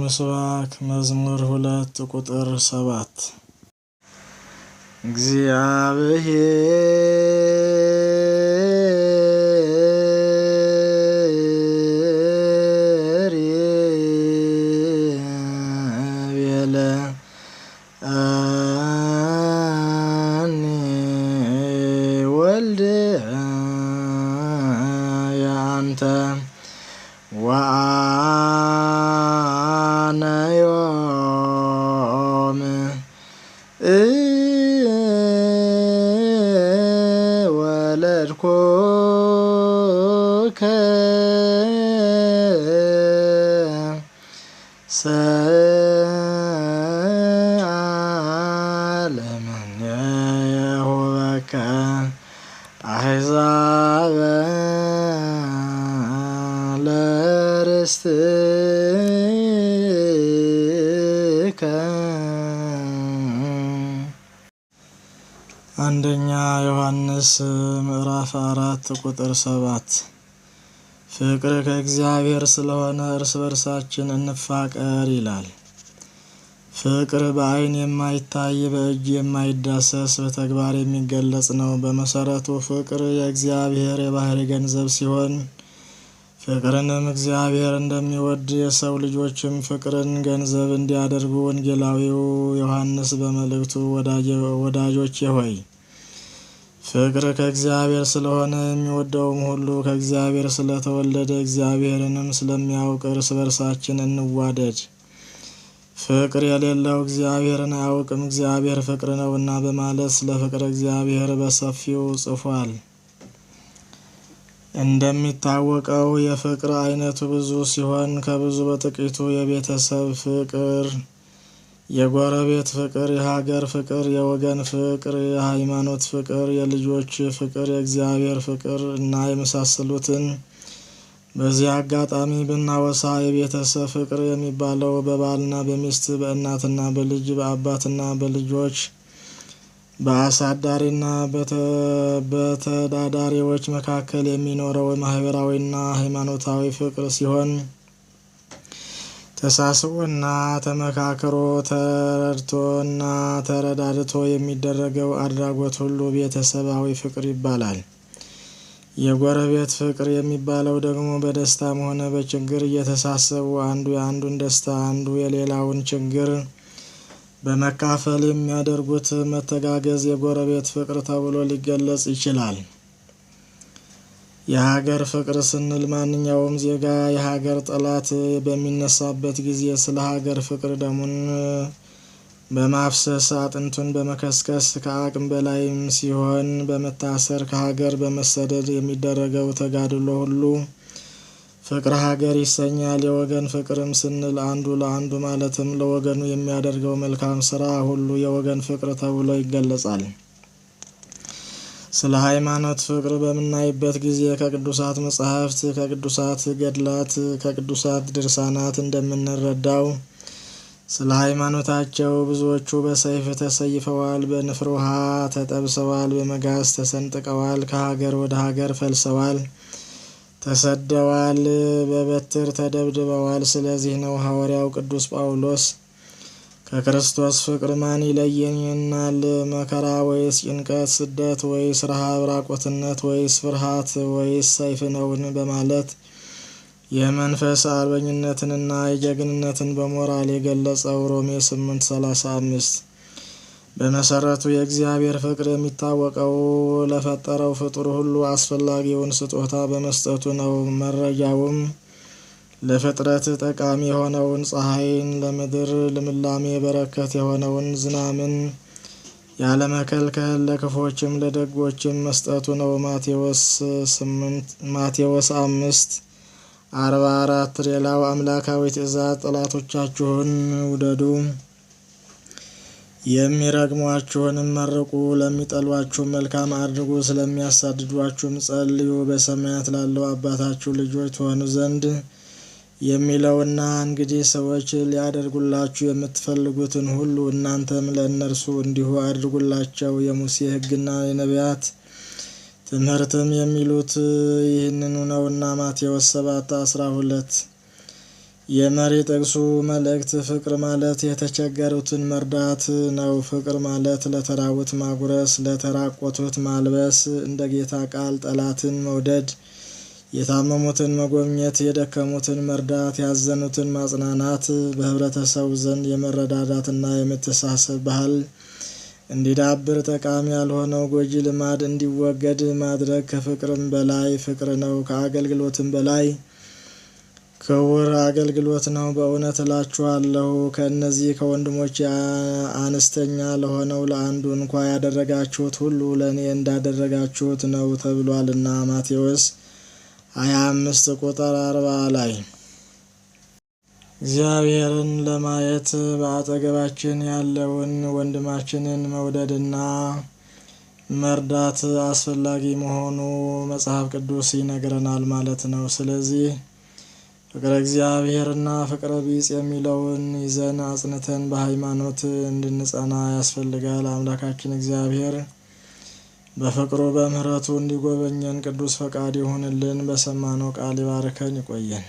ምስባክ መዝሙር ሁለት ቁጥር ሰባት እግዚአብሔር የለ አኒ ወልድ ያንተ ወአ நாயோமே إيه، ولركوك سالما يا هوكا عزام አንደኛ ዮሐንስ ምዕራፍ አራት ቁጥር ሰባት ፍቅር ከእግዚአብሔር ስለሆነ እርስ በርሳችን እንፋቀር ይላል። ፍቅር በአይን የማይታይ በእጅ የማይዳሰስ በተግባር የሚገለጽ ነው። በመሰረቱ ፍቅር የእግዚአብሔር የባህሪ ገንዘብ ሲሆን ፍቅርንም እግዚአብሔር እንደሚወድ የሰው ልጆችም ፍቅርን ገንዘብ እንዲያደርጉ ወንጌላዊው ዮሐንስ በመልእክቱ ወዳጆቼ ሆይ ፍቅር ከእግዚአብሔር ስለሆነ የሚወደውም ሁሉ ከእግዚአብሔር ስለተወለደ እግዚአብሔርንም ስለሚያውቅ እርስ በርሳችን እንዋደድ። ፍቅር የሌለው እግዚአብሔርን አያውቅም፣ እግዚአብሔር ፍቅር ነውና በማለት ስለ ፍቅር እግዚአብሔር በሰፊው ጽፏል። እንደሚታወቀው የፍቅር አይነቱ ብዙ ሲሆን ከብዙ በጥቂቱ የቤተሰብ ፍቅር፣ የጎረቤት ፍቅር፣ የሀገር ፍቅር፣ የወገን ፍቅር፣ የሃይማኖት ፍቅር፣ የልጆች ፍቅር፣ የእግዚአብሔር ፍቅር እና የመሳሰሉትን በዚህ አጋጣሚ ብናወሳ የቤተሰብ ፍቅር የሚባለው በባልና በሚስት በእናትና በልጅ በአባትና በልጆች በአሳዳሪና በተዳዳሪዎች መካከል የሚኖረው ማህበራዊና ሃይማኖታዊ ፍቅር ሲሆን ተሳስቦና ተመካክሮ ተረድቶና ተረዳድቶ የሚደረገው አድራጎት ሁሉ ቤተሰባዊ ፍቅር ይባላል። የጎረቤት ፍቅር የሚባለው ደግሞ በደስታም ሆነ በችግር እየተሳሰቡ አንዱ የአንዱን ደስታ አንዱ የሌላውን ችግር በመካፈል የሚያደርጉት መተጋገዝ የጎረቤት ፍቅር ተብሎ ሊገለጽ ይችላል። የሀገር ፍቅር ስንል ማንኛውም ዜጋ የሀገር ጠላት በሚነሳበት ጊዜ ስለ ሀገር ፍቅር ደሙን በማፍሰስ አጥንቱን በመከስከስ ከአቅም በላይም ሲሆን በመታሰር ከሀገር በመሰደድ የሚደረገው ተጋድሎ ሁሉ ፍቅር ሀገር ይሰኛል። የወገን ፍቅርም ስንል አንዱ ለአንዱ ማለትም ለወገኑ የሚያደርገው መልካም ስራ ሁሉ የወገን ፍቅር ተብሎ ይገለጻል። ስለ ሃይማኖት ፍቅር በምናይበት ጊዜ ከቅዱሳት መጽሐፍት፣ ከቅዱሳት ገድላት፣ ከቅዱሳት ድርሳናት እንደምንረዳው ስለ ሃይማኖታቸው ብዙዎቹ በሰይፍ ተሰይፈዋል፣ በንፍር ውሃ ተጠብሰዋል፣ በመጋዝ ተሰንጥቀዋል፣ ከሀገር ወደ ሀገር ፈልሰዋል። ተሰደዋል፣ በበትር ተደብድበዋል። ስለዚህ ነው ሐዋርያው ቅዱስ ጳውሎስ ከክርስቶስ ፍቅር ማን ይለየኛል? መከራ ወይስ ጭንቀት፣ ስደት ወይስ ረሃብ፣ ራቆትነት ወይስ ፍርሃት ወይስ ሰይፍ ነውን? በማለት የመንፈስ አርበኝነትንና የጀግንነትን በሞራል የገለጸው ሮሜ 8፥35 በመሰረቱ የእግዚአብሔር ፍቅር የሚታወቀው ለፈጠረው ፍጡር ሁሉ አስፈላጊውን ስጦታ በመስጠቱ ነው። መረጃውም ለፍጥረት ጠቃሚ የሆነውን ፀሐይን፣ ለምድር ልምላሜ በረከት የሆነውን ዝናምን ያለመከልከል ለክፎችም ለደጎችም መስጠቱ ነው። ማቴዎስ ስምንት ማቴዎስ አምስት አርባ አራት ሌላው አምላካዊ ትእዛዝ ጠላቶቻችሁን ውደዱ የሚረግሟችሁንም መርቁ፣ ለሚጠሏችሁ መልካም አድርጉ፣ ስለሚያሳድዷችሁም ጸልዩ፣ በሰማያት ላለው አባታችሁ ልጆች ትሆኑ ዘንድ የሚለውና እንግዲህ ሰዎች ሊያደርጉላችሁ የምትፈልጉትን ሁሉ እናንተም ለእነርሱ እንዲሁ አድርጉላቸው። የሙሴ ሕግና የነቢያት ትምህርትም የሚሉት ይህንኑ ነውና ማቴዎስ ሰባት አስራ ሁለት የመሪ ጥቅሱ መልእክት ፍቅር ማለት የተቸገሩትን መርዳት ነው። ፍቅር ማለት ለተራቡት ማጉረስ፣ ለተራቆቱት ማልበስ፣ እንደ ጌታ ቃል ጠላትን መውደድ፣ የታመሙትን መጎብኘት፣ የደከሙትን መርዳት፣ ያዘኑትን ማጽናናት፣ በህብረተሰቡ ዘንድ የመረዳዳትና የመተሳሰብ ባህል እንዲዳብር ጠቃሚ ያልሆነው ጎጂ ልማድ እንዲወገድ ማድረግ ከፍቅርም በላይ ፍቅር ነው ከአገልግሎትም በላይ ክቡር አገልግሎት ነው። በእውነት እላችኋለሁ ከእነዚህ ከወንድሞች አነስተኛ ለሆነው ለአንዱ እንኳ ያደረጋችሁት ሁሉ ለእኔ እንዳደረጋችሁት ነው ተብሏልና። ማቴዎስ 25 ቁጥር 40 ላይ እግዚአብሔርን ለማየት በአጠገባችን ያለውን ወንድማችንን መውደድና መርዳት አስፈላጊ መሆኑ መጽሐፍ ቅዱስ ይነግረናል ማለት ነው። ስለዚህ ፍቅረ እግዚአብሔርና ፍቅረ ቢጽ የሚለውን ይዘን አጽንተን በሃይማኖት እንድንጸና ያስፈልጋል። አምላካችን እግዚአብሔር በፍቅሩ በምሕረቱ እንዲጎበኘን ቅዱስ ፈቃድ ይሁንልን። በሰማነው ቃል ይባርከን፣ ይቆየን።